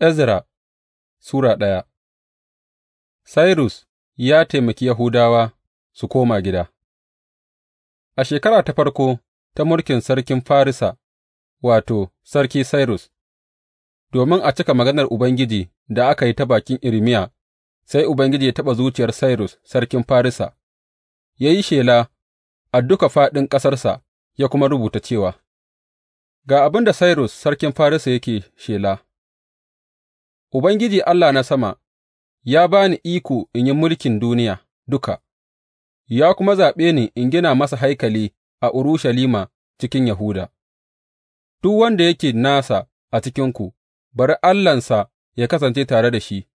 Ezra Sura ɗaya Cyrus ya taimaki Yahudawa su koma gida A shekara ta farko ta mulkin sarkin Farisa, wato, Sarki Cyrus, domin a cika maganar Ubangiji da aka yi ta bakin Irmiya, sai Ubangiji ya taɓa zuciyar Cyrus sarkin Farisa, ya yi shela a duka faɗin ƙasarsa ya kuma rubuta cewa, Ga abin da Cyrus sarkin Farisa yake shela. Ubangiji Allah na sama ya ba ni iko in yi mulkin duniya duka, ya kuma zaɓe ni in gina masa haikali a Urushalima cikin Yahuda, duk wanda yake nasa a cikinku, bari Allahnsa ya kasance tare da shi,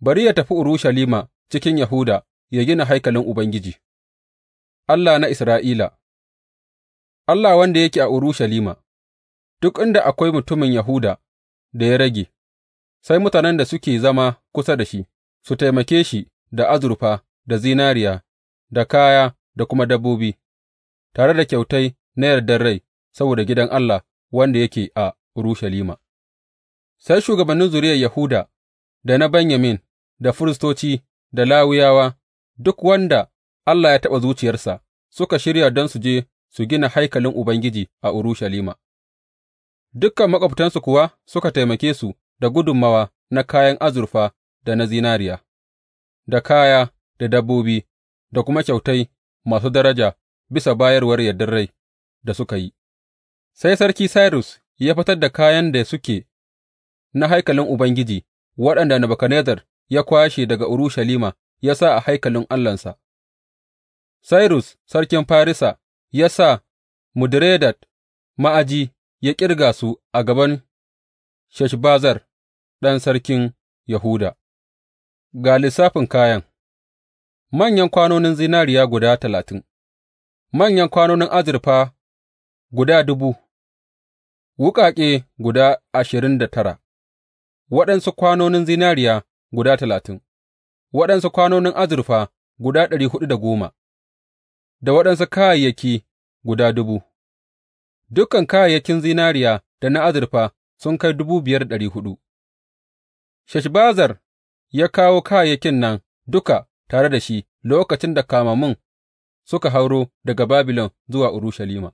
bari ya tafi Urushalima cikin Yahuda ya gina haikalin Ubangiji, Allah na Isra'ila, Allah wanda yake a Urushalima, duk inda akwai mutumin Yahuda da ya rage. Sai mutanen da suke zama kusa da shi su taimake shi da azurfa, da zinariya, da kaya, da kuma dabbobi, tare da kyautai na yardar rai saboda gidan Allah wanda yake a Urushalima. Sai shugabannin zuriyar Yahuda da na Benyamin, da firistoci, da Lawiyawa, duk wanda Allah ya taɓa zuciyarsa, suka shirya don su je su gina haikalin Ubangiji a Urushalima. Dukan maƙwabtansu kuwa suka taimake su da gudummawa na kayan azurfa da na zinariya, da kaya da dabbobi, da kuma kyautai masu daraja bisa bayarwar yardar rai da suka yi. Sai Sarki Sairus ya fitar da kayan da suke na haikalin Ubangiji waɗanda Nebukadnezzar ya kwashe daga Urushalima ya sa a haikalin Allahnsa. Sairus sarkin Farisa ya sa mudredat ma'aji ya ƙirga su a gaban shashbazar. ɗan sarkin Yahuda Ga lissafin kayan, manyan kwanonin zinariya guda talatin, manyan kwanonin azurfa guda dubu, wuƙaƙe guda ashirin da tara, waɗansu kwanonin zinariya guda talatin, waɗansu kwanonin azurfa guda ɗari huɗu da goma, da waɗansu kayayyaki guda dubu, dukan kayayyakin zinariya da na azurfa sun kai dubu biyar da ɗari huɗu. Sheshbazzar ya kawo kayayyakin nan duka tare da shi lokacin da kamammun suka hauro daga Babilon zuwa Urushalima.